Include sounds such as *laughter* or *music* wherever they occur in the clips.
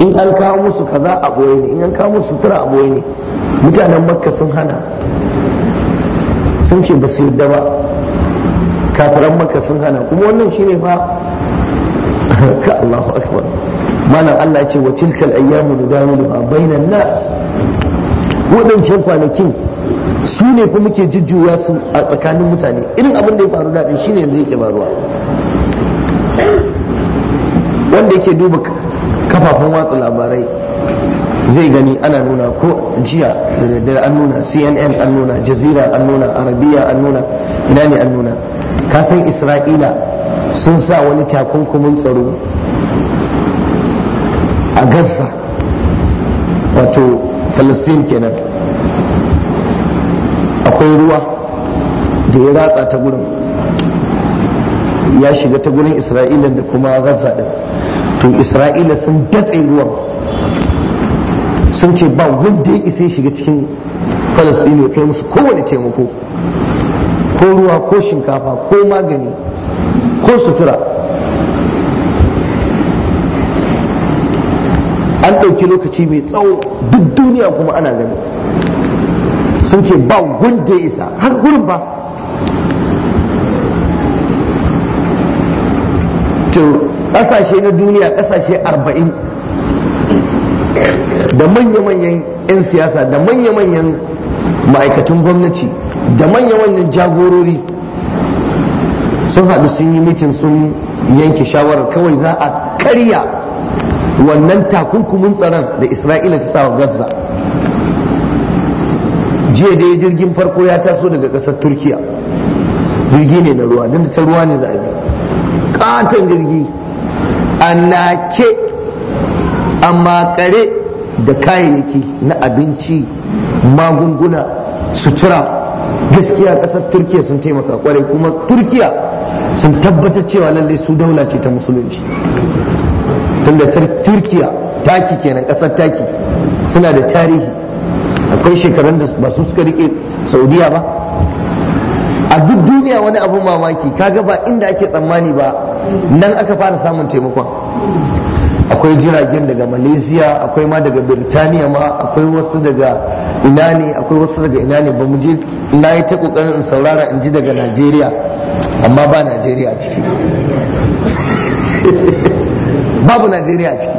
in an kawo musu kaza a boye ne in an kawo musu sutura a boye ne mutanen makka sun hana sun ce ba su yadda ba kafiran makka sun hana kuma wannan shi ne fa *laughs* ka Allahu akbar malam Allah ce wa tilkal ayyamu nudawiluha bainan nas Waɗancan kwanakin su ne fa muke jujjuya su a tsakanin mutane irin abin da ya faru shi shine yanzu yake faruwa wanda yake duba kafafen watsa labarai zai gani ana nuna ko jiya da daddare an nuna cnn an nuna jazira an nuna arabiya an nuna ina ne an nuna kasan isra'ila sun sa wani takunkumin tsaro a gaza wato falastin kenan akwai ruwa da ya ratsa ta gurin ya shiga ta gurin isra'ila da kuma gaza din to isra'ila sun datse ruwan sun ce ba wanda ya isa shiga cikin falastini ya kai musu kowane taimako ko ruwa ko shinkafa ko magani ko sutura an ɗauki lokaci mai tsawo duk duniya kuma ana gani sun ce ba wanda ya isa har gurin ba to ƙasashe na duniya ƙasashe arba'in da manya-manyan 'yan siyasa da manya-manyan ma'aikatan gwamnati da manya-manyan jagorori sun haɗu sun yi mitin sun yanke shawarar kawai za a karya wannan takunkumin tsaron da isra'ila ta sa gaza jiya da jirgin farko ya taso daga ƙasar turkiya jirgi ne na ruwa don ta ruwa ne za a bi katon jirgi a nake a makare da kayayyaki na abinci magunguna sutura gaskiya kasar turkiya sun taimaka kwarai kuma turkiya sun tabbatar cewa lallai su daula ce ta musulunci tunda turkiya taki kenan kasar taki suna da tarihi akwai shekarun da ba su suka rike saudiya ba a duk duniya wani abu mamaki kaga ba inda ake tsammani ba nan aka fara samun taimakon akwai jiragen daga malaysia akwai ma daga birtaniya ma akwai wasu daga ina ne akwai wasu daga ina ne ba mu je na yi ta kokarin in saurara in ji daga najeriya amma ba najeriya a ciki *laughs* babu najeriya a ciki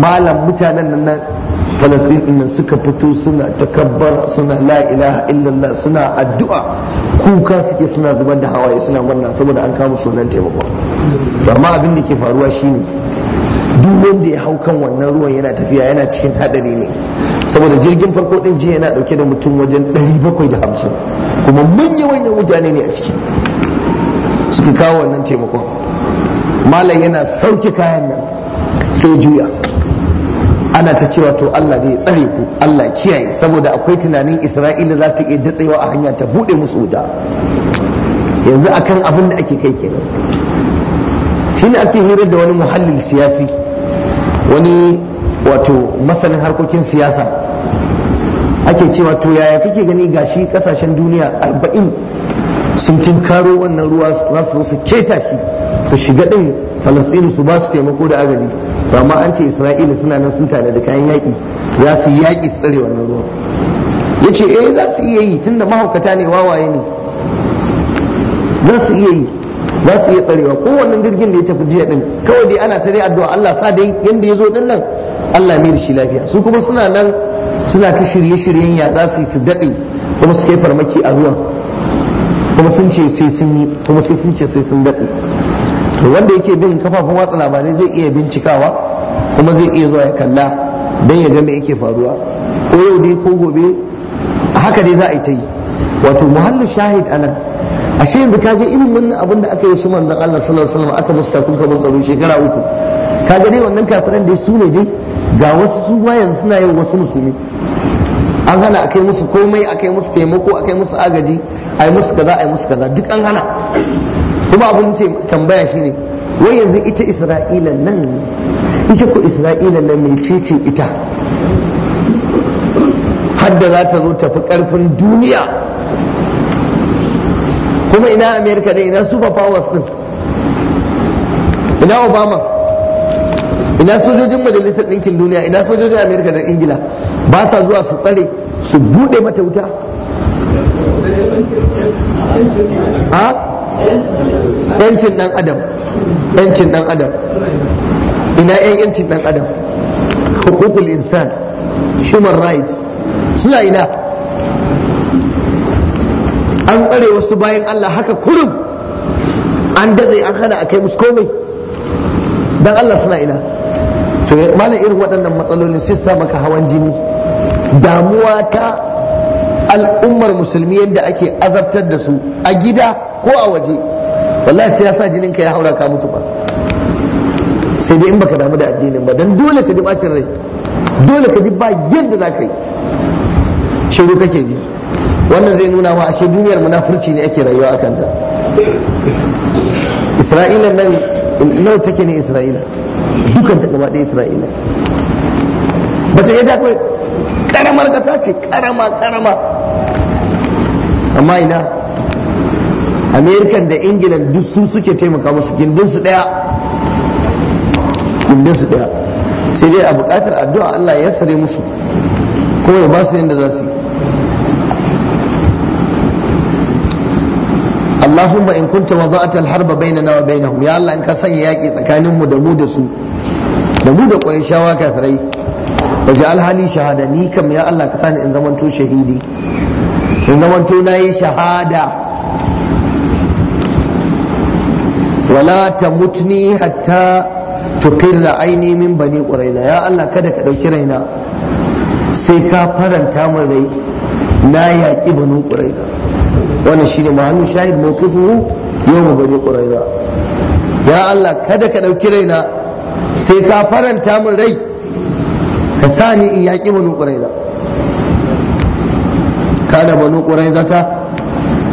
malam mutanen nan falasin ɗin suka fito suna takabbar suna la ilaha illallah suna addu'a kuka suke suna zubar da hawaye suna murna saboda an kama sunan taimako amma abin da ke faruwa shine duk wanda ya hau kan wannan ruwan yana tafiya yana cikin hadari ne saboda jirgin farko din jiya yana dauke da mutum wajen 750 kuma manya manyan mutane ne a ciki suka kawo wannan taimakon malam yana sauke kayan nan sai juya ana ta cewa to Allah zai tsare ku Allah kiyaye saboda akwai tunanin Isra'ila za ta iya datsewa a hanya ta bude musu wuta yanzu akan abin da ake kai kenan shine ake hirar da wani muhallin siyasi wani wato masanin harkokin siyasa ake cewa to yaya kake gani gashi kasashen duniya arba'in sun tinkaro wannan ruwa za su keta shi su shiga ɗin falasɗinu su ba su taimako da agaji to amma an ce isra'ila suna nan sun tare da kayan yaƙi za su yi yaƙi su tsare wannan ruwan ya ce eh za su iya yi tun da mahaukata ne wawaye ne za su iya yi za su iya tsarewa kowanne jirgin da ya tafi jiya ɗin. kawai dai ana tare addu'a Allah sa dai yanda ya zo ɗin nan Allah mai da shi lafiya su kuma suna nan suna ta shirye-shiryen ya za su yi su datse kuma su kai farmaki a ruwan kuma sun ce sai sun yi kuma sai sun ce sai sun datse to wanda yake bin kafafun watsa labarai zai iya bincikawa kuma zai iya zuwa ya kalla don ya ga me yake faruwa ko yau dai ko gobe haka dai za a yi ta yi wato muhallu shahid anan ashe yanzu kaga irin wannan abin da aka yi su manzan Allah sallallahu alaihi wasallam aka musta kun tsaro shekara uku kaga dai wannan kafiran dai su ne dai ga wasu su ma yanzu suna yin wasu musulmi an hana a kai musu komai a kai musu taimako a kai musu agaji a yi musu kaza a yi musu kaza duk an hana kuma abin tambaya shi ne, wai yanzu ita isra'ila nan ita ko isra'ila nan mecece ita hadda za ta zo tafi karfin duniya kuma ina amerika ne ina super powers din ina obama ina sojojin majalisar ɗinkin duniya ina sojojin amerika da ingila ba sa zuwa su tsare su bude mata wuta ha yancin dan adam yancin dan adam ina yan yancin dan adam hukukul insan human rights suna ina an tsare wasu bayan Allah haka kurum an daze an hana a kai musu komai dan Allah suna ina to malam irin waɗannan matsalolin sai sa maka hawan jini damuwa ta al'ummar musulmi yadda ake azabtar da su a gida ko a waje wallahi sai ya sa jinin ka ya haura ka mutu ba sai dai in baka damu da addinin ba dan dole ka ji bacin rai dole ka ji ba yadda za ka yi shiru kake ji wannan zai nuna wa ashe duniyar munafurci ne ake rayuwa akan ta isra'ila nan nawa take ne isra'ila dukan ta gaba ɗaya isra'ila bata yadda akwai karamar ƙasa ce karama karama amma ina amerikan da ingila duk su suke taimaka musu gindin su daya gindin su daya sai dai a bukatar addu'a Allah ya sare musu ko ya ba su yadda za su yi Allahumma in kunta wada'ata al-harba baina wa bainahum ya in ka sanya yaki tsakanin mu da mu da su da mu da Qurayshawa waje alhali shahada ni kam ya Allah ka sani in zamanto shahidi in zamanto nayi shahada wala tamutni hatta tuqirra aini min bani quraina ya Allah kada ka dauki raina sai ka faranta min rai na yaki bani quraina wannan shine mahallu shahid mawqifuhu yawm bani quraina ya Allah kada ka dauki raina sai ka faranta min rai ka sa ni in yaki bani quraina kana bani ta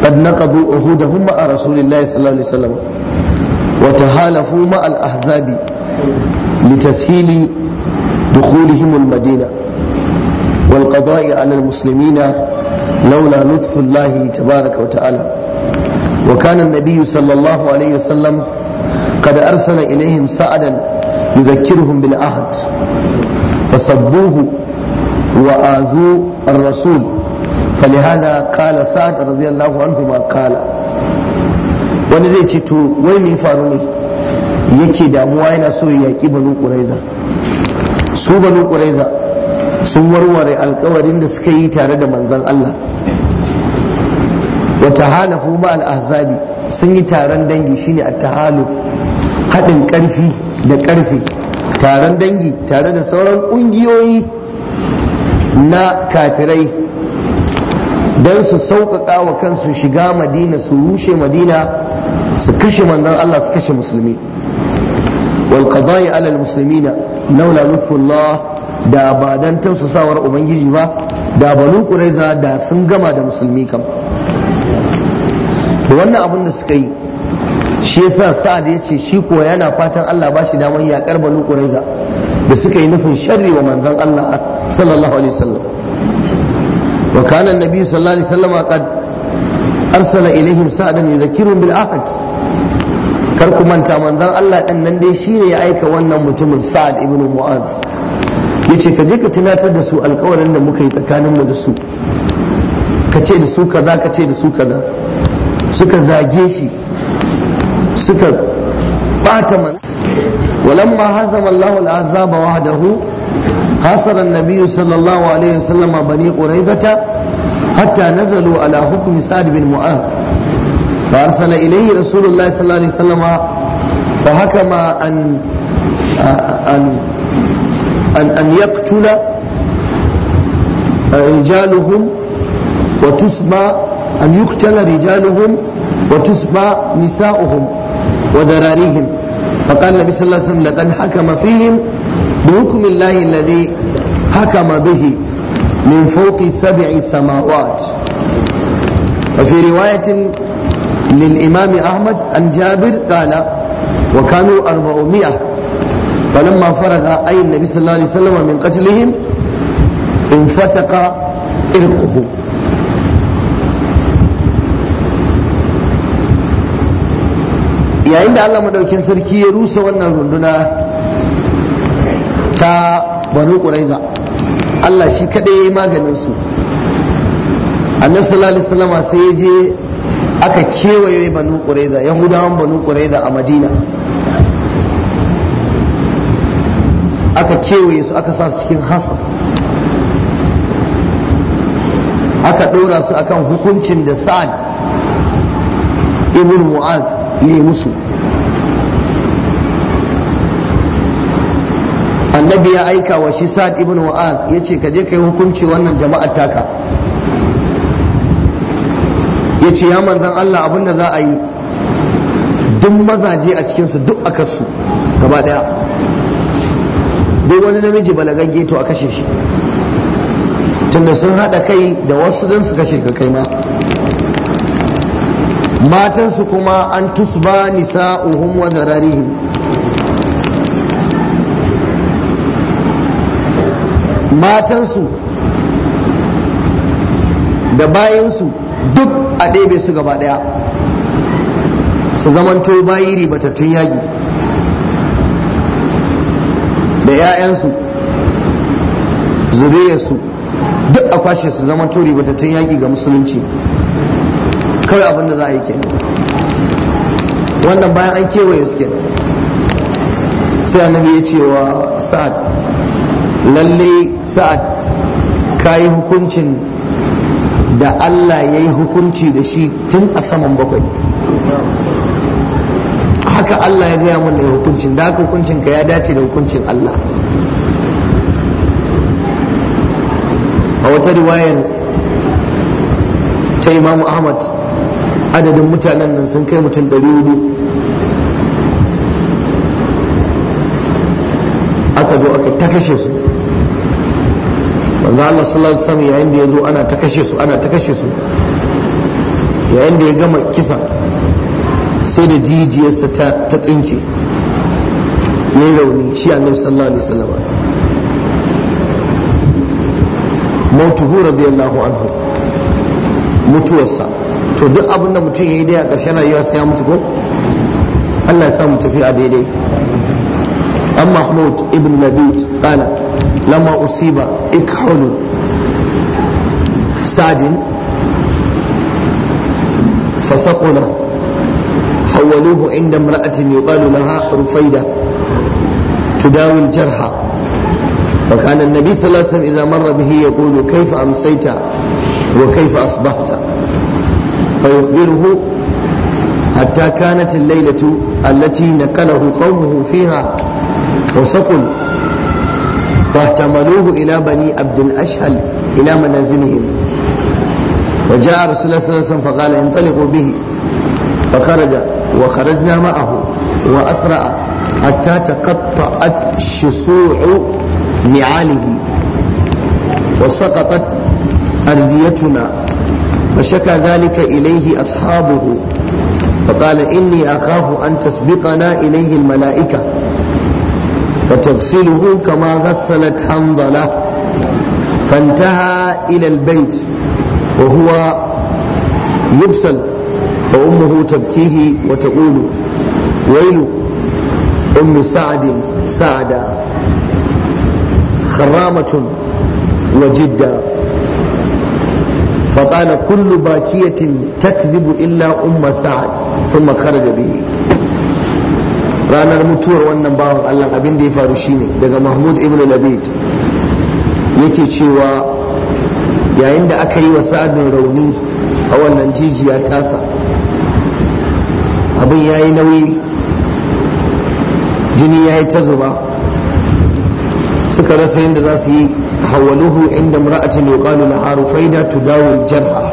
قد نقضوا عهودهم مع رسول الله صلى الله عليه وسلم وتهالفوا مع الأحزاب لتسهيل دخولهم المدينة والقضاء على المسلمين لولا لطف الله تبارك وتعالى وكان النبي صلى الله عليه وسلم قد أرسل إليهم سعدا يذكرهم بالعهد فصبوه وآذوا الرسول فلهذا قال سعد رضي الله عنه ما قال wani zai ce to wai mai faru ne yace damuwa yana so ya yaƙi banu quraiza su banu sun warware alkawarin da suka yi tare da manzon Allah wa tahalafu ma al-ahzabi sun yi taron dangi shine at-tahaluf haɗin ƙarfi da ƙarfe taron dangi tare da sauran ƙungiyoyi na kafirai don su sauƙaƙa wa kansu shiga madina su rushe madina su kashe manzon Allah su kashe musulmi wal alal ala al muslimina laula lutfullah da ba dan tausasawar ubangiji ba da banu quraiza da sun gama da musulmi kam wannan abin da suka yi shi yasa sa'ad ya ce shi ko yana fatan Allah ba shi damar yaƙar banu quraiza da suka yi nufin sharri wa manzon Allah sallallahu alaihi wasallam وكان النبي صلى الله عليه وسلم قد أرسل إليهم سعدا يذكرهم بالعهد kar ku manta manzon Allah ɗan nan dai shi ne ya aika wannan mutumin Sa'ad ibn Mu'az yace ka je ka tunatar da su alƙawarin da muka yi tsakanin da su ka ce da su kaza ka ce da su kaza zage shi walamma hazama Allahu wahdahu حاصر النبي صلى الله عليه وسلم بني قريظة حتى نزلوا على حكم سعد بن معاذ فأرسل إليه رسول الله صلى الله عليه وسلم فحكم أن أن أن, أن يقتل رجالهم وتسمى أن يقتل رجالهم وتسمى نساؤهم وذراريهم فقال النبي صلى الله عليه وسلم لقد حكم فيهم بحكم الله الذي حكم به من فوق سبع سماوات وفي رواية للإمام أحمد عن جابر قال وكانوا أربعمائة فلما فرغ أي النبي صلى الله عليه وسلم من قتلهم انفتق إرقه yayin da Allah madaukin sarki ya rusa wannan runduna ta banu ƙuraiza Allah shi kaɗai ya yi maganin su annabi sallallahu alaihi wasallam sai ya je aka kewaye banu ƙuraiza yahudawan banu ƙuraiza a madina aka kewaye su aka sa su cikin hasa aka ɗora su akan hukuncin da sa'ad ibn mu'az ya yi musu annabi ya aika wa shi sa'ad ibn wa'az ya ce ka ka yi hukunci wannan jama'ar taka ya ce ya manzan Allah abinda za a yi duk mazaje a cikinsu duk a kasu gaba daya duk wani namiji balagagge to a kashe shi tunda sun haɗa kai da wasu don su kashe ka kai ma matansu kuma an tusba nisa'uhum wa zararihim matansu da bayansu duk a ɗebe su gaba ɗaya su zamanto bayi ribatattun yaƙi da 'ya'yansu zuriyarsu duk a kwashe su zamanto ribatattun yaƙi ga musulunci kawai abin da za a yi ke. wannan bayan an kewaye su kenan sai annabi ya ce wa sa'ad lalle sa'ad ka yi hukuncin da Allah ya yi hukunci da shi tun a saman bakwai haka Allah ya gaya mun da hukuncin da haka hukuncin ka ya dace da hukuncin Allah a wata riwayar ta imamu Ahmad adadin mutanen nan sun kai mutum ɗari hudu aka zo aka ta kashe su manzo Allah sallallahu alaihi wasallam yayin da yazo ana ta kashe su ana ta kashe su yayin da ya gama kisa sai da jijiyarsa ta tsinke yayi rauni shi annabi sallallahu alaihi wasallam mautuhu radiyallahu anhu mutuwarsa to duk abin da mutum yayi dai a ƙarshen rayuwa sai ya mutu ko Allah ya sa mu tafi a daidai amma Mahmud ibn Labid qala لما أصيب إكحل سعد فسقل حولوه عند امرأة يقال لها رفيدة تداوي الجرحى وكان النبي صلى الله عليه وسلم إذا مر به يقول كيف أمسيت وكيف أصبحت فيخبره حتى كانت الليلة التي نقله قومه فيها وسقل فاحتملوه إلى بني عبد الأشهل إلى منازلهم وجاء رسول الله صلى الله عليه وسلم فقال انطلقوا به فخرج وخرجنا معه وأسرع حتى تقطعت شسوع نعاله وسقطت أرديتنا فشكى ذلك إليه أصحابه فقال إني أخاف أن تسبقنا إليه الملائكة وتغسله كما غسلت حنظلة فانتهى إلى البيت وهو يغسل وأمه تبكيه وتقول ويل أم سعد سعدا خرامة وجدا فقال كل باكية تكذب إلا أم سعد ثم خرج به ranar mutuwar wannan bawan allah abin da ya faru shine daga mahmud ibn labid yake cewa yayin da aka yi wa sa'adun rauni a wannan jijiya tasa abin ya yi nauyi jini ya yi ta zuba suka rasa yadda za su yi hawaluhu inda mura'atin yuqalu faida rufaida tudawil jarha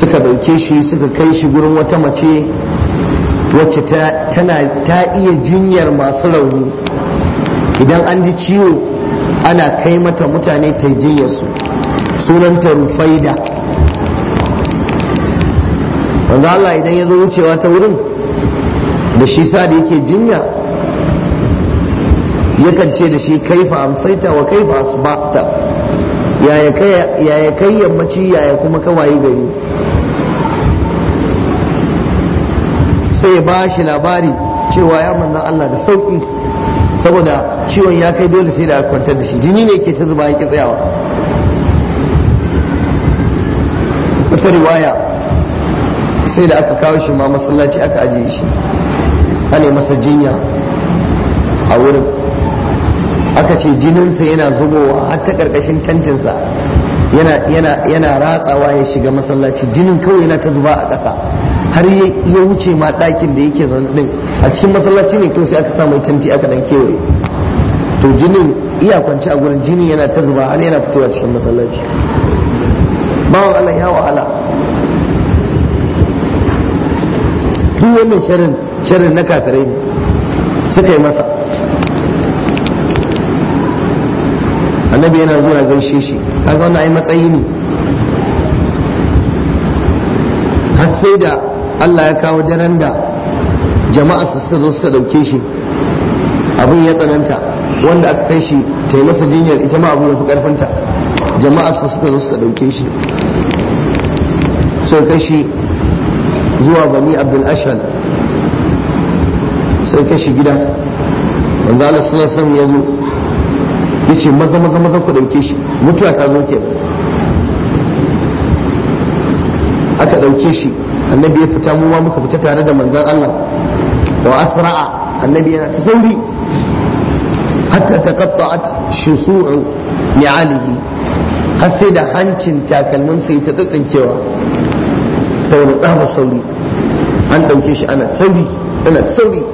suka dauke shi suka kai shi gurin wata mace wacce tana ta iya jinyar masu rauni idan an ji ciwo ana kai mata mutane ta jinyar su sunanta rufaida wanda Allah idan ya zo wucewa ta wurin da shi sa da yake jinya yakan ce da shi kaifa amsaita wa kaifa asbahta yaya kai yammaci yaya kuma kawai gari sai ya ba shi labari cewa ya manza Allah da sauki saboda ciwon ya kai dole sai da kwantar da shi jini ne ke ta zuba yake tsayawa wata riwaya sai da aka kawo shi ma masallaci aka ajiye shi ana masa jinya a wurin aka ce jininsa yana zubowa har ta karkashin tantinsa yana ratsawa ya shiga masallaci jinin kawai yana ta zuba a ƙasa har ya wuce ma ɗakin da yake zaune ɗin a cikin masallaci ne kuma sai aka sa mai tanti aka dan kewaye to jinin iya kwance a gurin jini yana ta zuba har yana fitowa cikin masallaci bawan Allah ya wahala duk wannan shirin na kafirai ne suka yi masa annabi yana zuwa gaishe shi kaga wannan ai matsayi ne har sai da Allah ya kawo daren da jama'a su suka zo suka dauke shi abin ya tsananta wanda aka kai shi ta yi masa jinyar ita ma abin ya fi karfinta jama'a su suka zo suka dauke shi sai kai shi zuwa bani abdul ashal sai kai shi gida wanda Allah sallallahu ya zo ya ce maza maza maza ku dauke shi mutuwa ta zo ke aka dauke shi annabi ya fita mu ma muka fita tare da manzon Allah wa asra'a annabi yana ta sauri hatta taqatta'at shusu'u ni'alihi har sai da hancin takalmin sai ta tsitsinkewa saboda tsabar sauri an ɗauke shi ana sauri ana sauri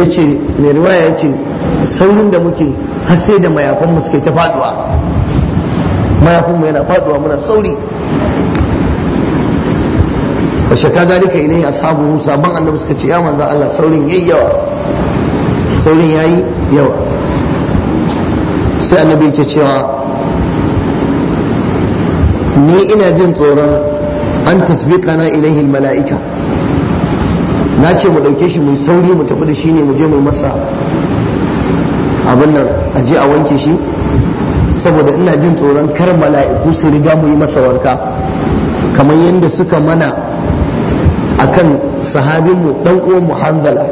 ya ce mai riwaya ya ce saurin da muke har sai da mayafanmu suke ta faduwa mayafinmu yana faduwa muna sauri fa shaka dalika ilayhi ashabu sabon annabi suka ce ya manzo Allah saurin yayi yawa saurin yayi yawa sai annabi yake cewa ni ina jin tsoron an tasbiqana ilayhi almala'ika na ce mu dauke shi mu sauri mu tafi da shi ne mu je mu masa abin nan a je a wanke shi saboda ina jin tsoron kar mala'iku su riga mu yi masa warka kamar yadda suka mana akan sahabinmu dan uwan hanzala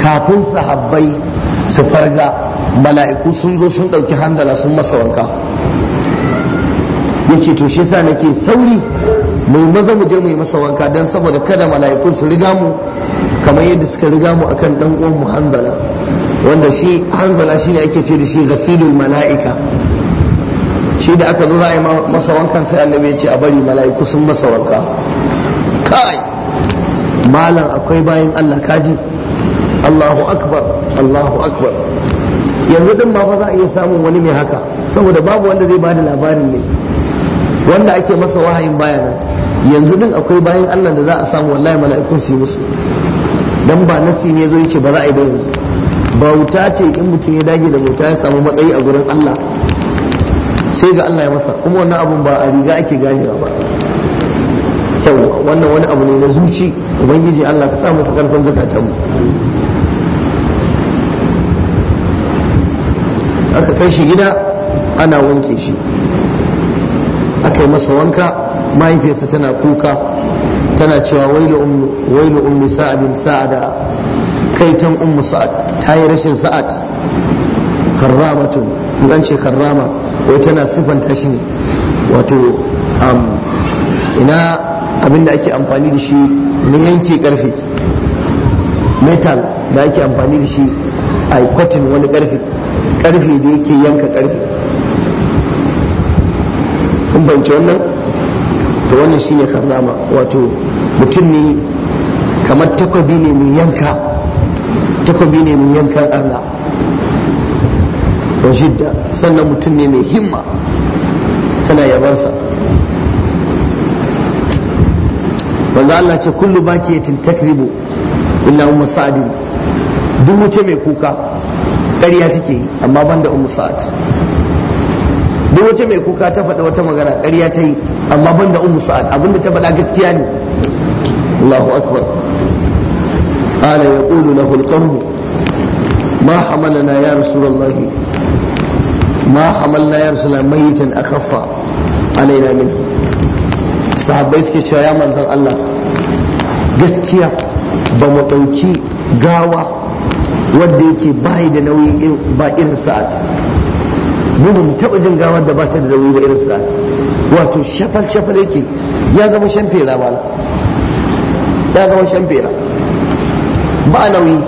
kafin sahabbai su farga mala'iku sun zo sun ɗauki handala sun masa wanka ya ce to shi yasa nake sauri mai maza mu je mu masa wanka don saboda kada malaiku su riga mu kamar yadda suka riga mu akan dan uwan mu hanzala wanda shi hanzala shine ake ce da shi ghasilul mala'ika shi da aka zo ra'ayi masa wankan sai annabi ya ce a bari mala'iku sun masa wanka kai malam akwai bayan Allah kaji Allahu akbar Allahu akbar yanzu din ma fa za a iya samun wani mai haka saboda babu wanda zai bada labarin ne wanda ake masa wahayin nan, yanzu din akwai bayan Allah da za a samu wallahi mala'ikun su yi musu dan ba nasi ne zo yace ba za a yi ba yanzu bauta ce in mutum ya dage da bauta ya samu matsayi a gurin Allah sai ga Allah ya masa kuma wannan abun ba a riga ake ganewa ba yawwa wannan wani abu ne na zuci ubangiji Allah ka samu karfin zakatan aka kai shi gida ana wanke shi aka yi masa wanka mahaifiyarsa tana kuka tana cewa wailu ummi sa'adin sa'ada kaitan ummu sa'ad ta yi rashin sa'ad kharramatun in ce kharrama wai tana sifanta shi ne wato ina abinda ake amfani da shi na yanke karfe metal da ake amfani da shi a cotton wani karfe karfe da yake yanka karfe in banci wannan to wannan shine karnama wato mutum ne kamar takobi ne mai yanka takobi ne mai yanka karna, wajidda sannan mutum ne mai himma tana yabansa manzo Allah ce kullu bakiyatin takribu illa ummu sa'd duk wuce mai kuka ƙarya take yi amma banda ummu sa'd duk wuce mai kuka ta faɗa wata magana ƙarya ta yi amma banda ummu sa'd abinda ta faɗa gaskiya ne Allahu akbar qala yaqulu lahu al-qawm ma hamalana ya rasulullahi ما حملنا يا رسول الله ميتا اخف علينا sahabbai suke cewa ya manzan Allah gaskiya ba mu ɗauki gawa wadda yake bayi da nauyi ba irin sa'ad mu ba mu taɓa jin gawar da ba ta da nauyi ba irin sa'ad wato shafal shafal yake ya zama shan fera mala ya zama shan fera ba nauyi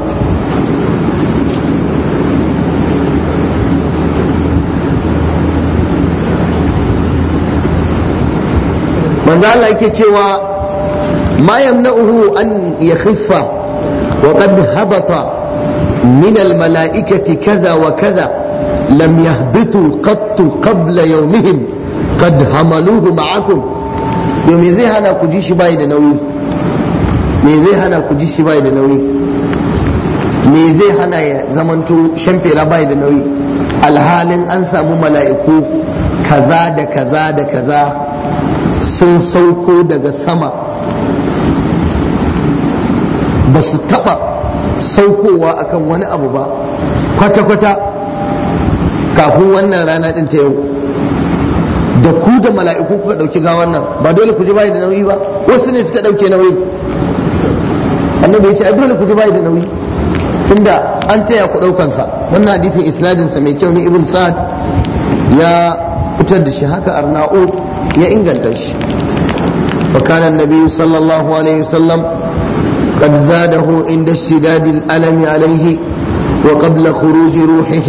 manzo Allah yake cewa ma yamna'uhu an yakhiffa wa qad habata min al mala'ikati kaza wa kaza lam yahbitu qat qabla yawmihim qad hamaluhu ma'akum yo me zai hana ku ji shi bai da nauyi me zai hana ku ji shi bai da nauyi me zai hana ya zamanto shamfera bai da nauyi alhalin an samu mala'iku kaza da kaza da kaza sun sauko daga sama ba su taɓa saukowa akan wani abu ba kwata-kwata kafin wannan rana ɗin ta yau da ku da mala'iku kuka ɗauki gawan nan ba dole ku ji bayi da nauyi ba wasu ne suka ɗauke nauyi annabi ya ce dole ku ji bayi da nauyi tunda an taya ku ɗaukansa wannan hadisin isladinsa mai kyau ne ibn sa'ad ya fitar da shi haka arna'ud ya inganta shi وكان النبي صلى الله عليه وسلم قد زاده عند اشتداد الألم عليه وقبل خروج روحه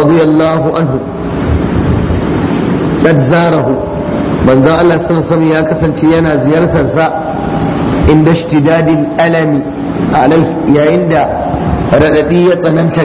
رضي الله عنه قد زاره من ذا الله صلى الله عليه وسلم يا كسن تيانا زيارة سا عند اشتداد الألم عليه يا عند رددية أننت